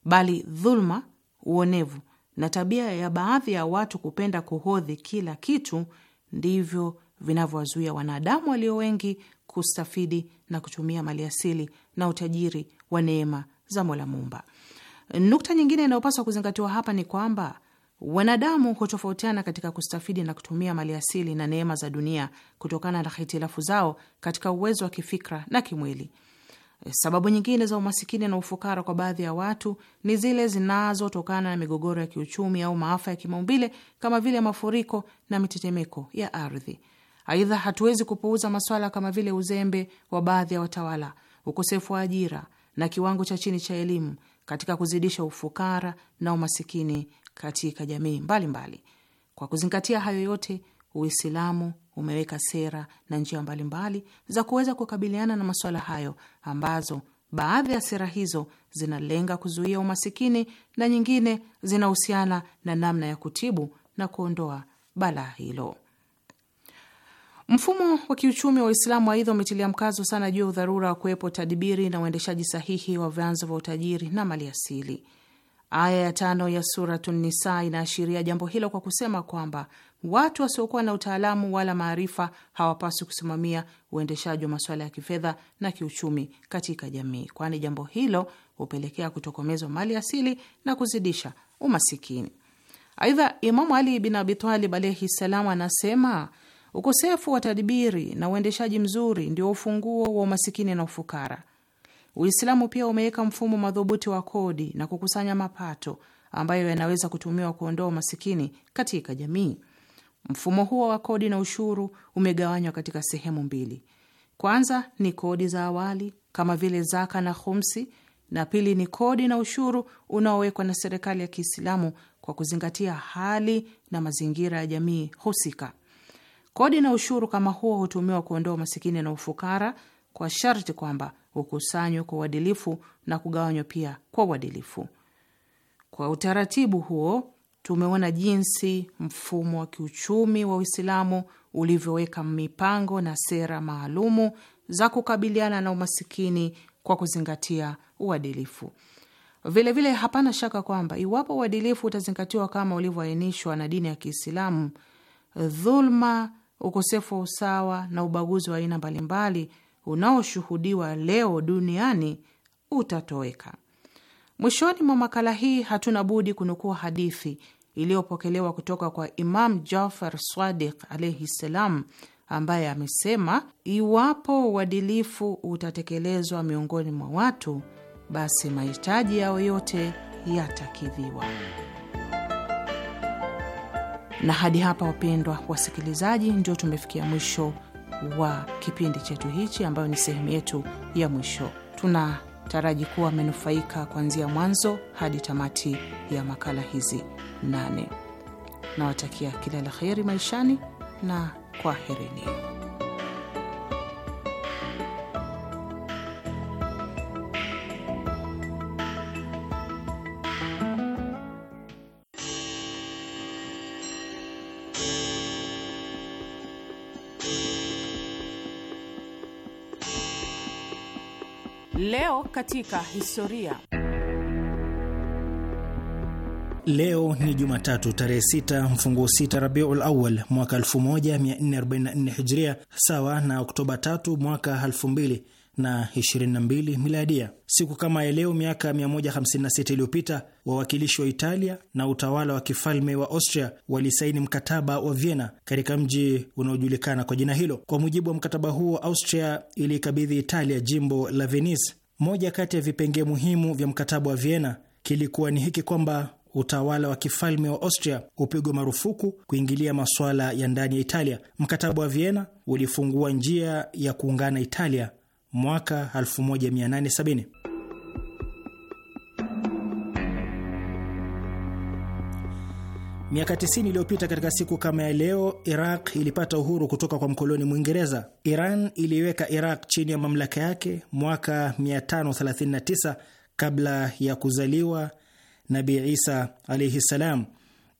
bali dhuluma, uonevu na tabia ya baadhi ya watu kupenda kuhodhi kila kitu ndivyo vinavyowazuia wanadamu walio wengi kustafidi na kutumia maliasili na utajiri wa neema za Mola Mumba. Nukta nyingine inayopaswa kuzingatiwa hapa ni kwamba Wanadamu hutofautiana katika kustafidi na kutumia maliasili na neema za dunia kutokana na hitilafu zao katika uwezo wa kifikra na kimwili. Sababu nyingine za umasikini na ufukara kwa baadhi ya watu ni zile zinazotokana na migogoro ya kiuchumi au maafa ya kimaumbile kama vile mafuriko na mitetemeko ya ardhi. Aidha, hatuwezi kupuuza maswala kama vile uzembe wa baadhi ya watawala, ukosefu wa ajira na kiwango cha chini cha elimu katika kuzidisha ufukara na umasikini katika jamii mbalimbali mbali. Kwa kuzingatia hayo yote, Uislamu umeweka sera na njia mbalimbali mbali za kuweza kukabiliana na masuala hayo ambazo baadhi ya sera hizo zinalenga kuzuia umasikini na nyingine zinahusiana na namna ya kutibu na kuondoa balaa hilo. Mfumo wa kiuchumi wa Uislamu aidha umetilia mkazo sana juu ya udharura wa kuwepo tadibiri na uendeshaji sahihi wa vyanzo vya utajiri na maliasili. Aya ya tano ya Suratu Nisa inaashiria jambo hilo kwa kusema kwamba watu wasiokuwa na utaalamu wala maarifa hawapaswi kusimamia uendeshaji wa masuala ya kifedha na kiuchumi katika jamii, kwani jambo hilo hupelekea kutokomezwa mali asili na kuzidisha umasikini. Aidha, Imamu Ali bin Abitalib alaihi ssalam anasema ukosefu wa tadbiri na uendeshaji mzuri ndio ufunguo wa umasikini na ufukara. Uislamu pia umeweka mfumo madhubuti wa kodi na kukusanya mapato ambayo yanaweza kutumiwa kuondoa umasikini katika jamii. Mfumo huo wa kodi na ushuru umegawanywa katika sehemu mbili. Kwanza ni kodi za awali kama vile zaka na khumsi, na pili ni kodi na ushuru unaowekwa na serikali ya Kiislamu kwa kuzingatia hali na mazingira ya jamii husika. Kodi na ushuru kama huo hutumiwa kuondoa umasikini na ufukara kwa sharti kwamba ukusanywe kwa uadilifu na kugawanywa pia kwa uadilifu. Kwa utaratibu huo tumeona jinsi mfumo wa kiuchumi wa Uislamu ulivyoweka mipango na sera maalumu za kukabiliana na umasikini kwa kuzingatia uadilifu. Vilevile vile, hapana shaka kwamba iwapo uadilifu utazingatiwa kama ulivyoainishwa na dini ya Kiislamu, dhulma, ukosefu wa usawa na ubaguzi wa aina mbalimbali unaoshuhudiwa leo duniani utatoweka. Mwishoni mwa makala hii hatuna budi kunukua hadithi iliyopokelewa kutoka kwa Imam Jafar Swadik alaihi ssalam, ambaye amesema iwapo uadilifu utatekelezwa miongoni mwa watu, basi mahitaji yao yote yatakidhiwa. Na hadi hapa, wapendwa wasikilizaji, ndio tumefikia mwisho wa kipindi chetu hichi, ambayo ni sehemu yetu ya mwisho. Tunataraji kuwa amenufaika kuanzia mwanzo hadi tamati ya makala hizi nane. Nawatakia kila la kheri maishani na kwaherini. Leo katika historia. Leo ni Jumatatu tarehe 6 mfunguo 6 Rabiul Awal mwaka 1444 Hijria, sawa na Oktoba 3 mwaka 2022 Miladia. Siku kama ya leo miaka 156 iliyopita wawakilishi wa Italia na utawala wa kifalme wa Austria walisaini mkataba wa Vienna katika mji unaojulikana kwa jina hilo. Kwa mujibu wa mkataba huo, Austria iliikabidhi Italia jimbo la Venice moja kati ya vipengee muhimu vya mkataba wa Vienna kilikuwa ni hiki kwamba utawala wa kifalme wa Austria upigwe marufuku kuingilia masuala ya ndani ya Italia. Mkataba wa Vienna ulifungua njia ya kuungana Italia mwaka 1870. Miaka 90 iliyopita katika siku kama ya leo, Iraq ilipata uhuru kutoka kwa mkoloni Mwingereza. Iran iliiweka Iraq chini ya mamlaka yake mwaka 539 kabla ya kuzaliwa Nabi Isa alaihi ssalam.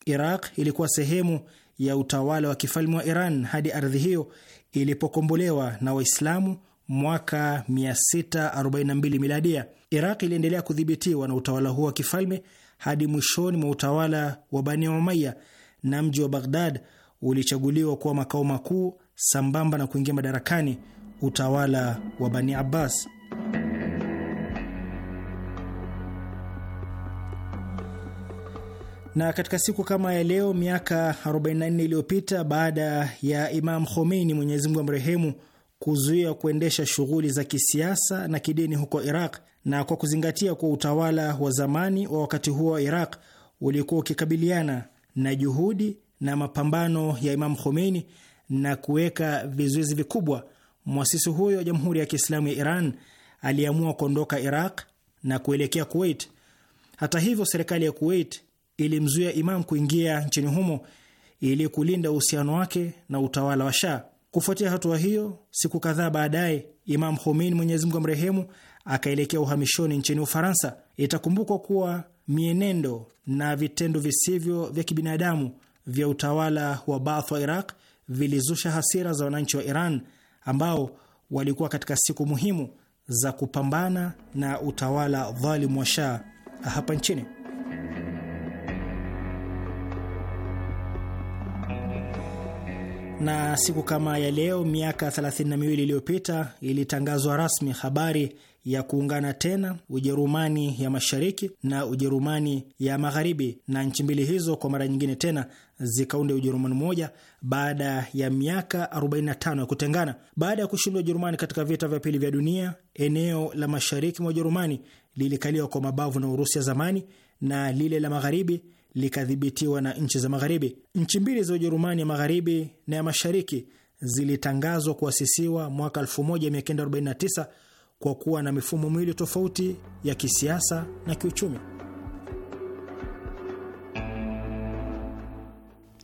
Iraq ilikuwa sehemu ya utawala wa kifalme wa Iran hadi ardhi hiyo ilipokombolewa na Waislamu mwaka 642 miladia. Iraq iliendelea kudhibitiwa na utawala huo wa kifalme hadi mwishoni mwa utawala wa Bani Umaya, na mji wa Baghdad ulichaguliwa kuwa makao makuu sambamba na kuingia madarakani utawala wa Bani Abbas. Na katika siku kama ya leo miaka 44 iliyopita, baada ya Imam Khomeini, Mwenyezi Mungu amrehemu, kuzuia kuendesha shughuli za kisiasa na kidini huko Iraq, na kwa kuzingatia kuwa utawala wa zamani wa wakati huo wa Iraq ulikuwa ukikabiliana na juhudi na mapambano ya Imam Khomeini na kuweka vizuizi vikubwa, mwasisi huyo wa Jamhuri ya Kiislamu ya Iran aliamua kuondoka Iraq na kuelekea Kuwait. Hata hivyo, serikali ya Kuwait ilimzuia Imam kuingia nchini humo ili kulinda uhusiano wake na utawala wa Shah. Kufuatia hatua hiyo, siku kadhaa baadaye, Imam Khomeini, Mwenyezi Mungu amrehemu, akaelekea uhamishoni nchini Ufaransa. Itakumbukwa kuwa mienendo na vitendo visivyo vya kibinadamu vya utawala wa Baath wa Iraq vilizusha hasira za wananchi wa Iran ambao walikuwa katika siku muhimu za kupambana na utawala dhalimu wa Shah hapa nchini. na siku kama ya leo miaka 32 iliyopita ilitangazwa rasmi habari ya kuungana tena Ujerumani ya Mashariki na Ujerumani ya Magharibi, na nchi mbili hizo kwa mara nyingine tena zikaunda Ujerumani moja baada ya miaka 45 ya kutengana. Baada ya kushindwa Ujerumani katika vita vya pili vya dunia, eneo la mashariki mwa Ujerumani lilikaliwa kwa mabavu na Urusi ya zamani na lile la magharibi likadhibitiwa na nchi za Magharibi. Nchi mbili za Ujerumani ya Magharibi na ya Mashariki zilitangazwa kuasisiwa mwaka 1949 kwa kuwa na mifumo miwili tofauti ya kisiasa na kiuchumi.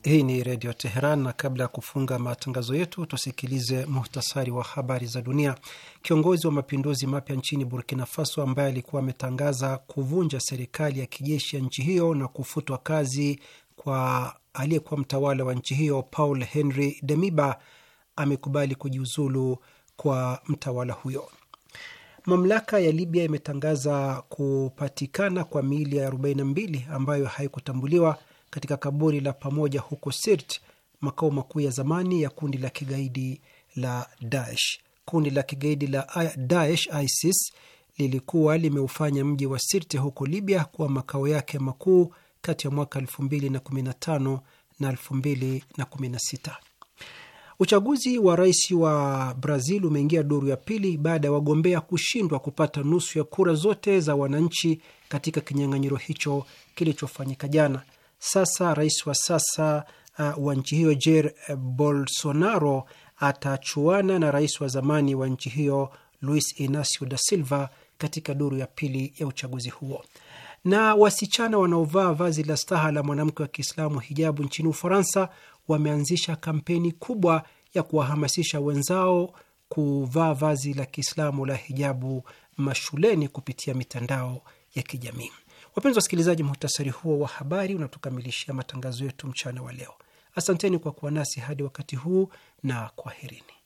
Hii ni Redio Teheran, na kabla ya kufunga matangazo yetu tusikilize muhtasari wa habari za dunia. Kiongozi wa mapinduzi mapya nchini Burkina Faso ambaye alikuwa ametangaza kuvunja serikali ya kijeshi ya nchi hiyo na kufutwa kazi kwa aliyekuwa mtawala wa nchi hiyo Paul henry Demiba amekubali kujiuzulu kwa mtawala huyo. Mamlaka ya Libya imetangaza kupatikana kwa miili ya 42 ambayo haikutambuliwa katika kaburi la pamoja huko Sirt, makao makuu ya zamani ya kundi la kigaidi la Daesh. Kundi la kigaidi la Daesh ISIS lilikuwa limeufanya mji wa Sirte huko Libya kuwa makao yake makuu kati ya mwaka 2015 na 2016. Uchaguzi wa rais wa Brazil umeingia duru ya pili baada ya wagombea kushindwa kupata nusu ya kura zote za wananchi katika kinyang'anyiro hicho kilichofanyika jana. Sasa rais wa sasa uh, wa nchi hiyo Jair uh, Bolsonaro atachuana na rais wa zamani wa nchi hiyo Luis Inacio da Silva katika duru ya pili ya uchaguzi huo. Na wasichana wanaovaa vazi la staha la mwanamke wa Kiislamu, hijabu, nchini Ufaransa wameanzisha kampeni kubwa ya kuwahamasisha wenzao kuvaa vazi la Kiislamu la hijabu mashuleni kupitia mitandao ya kijamii. Wapenzi wasikilizaji, muhtasari huo wa habari unatukamilishia matangazo yetu mchana wa leo. Asanteni kwa kuwa nasi hadi wakati huu na kwaherini.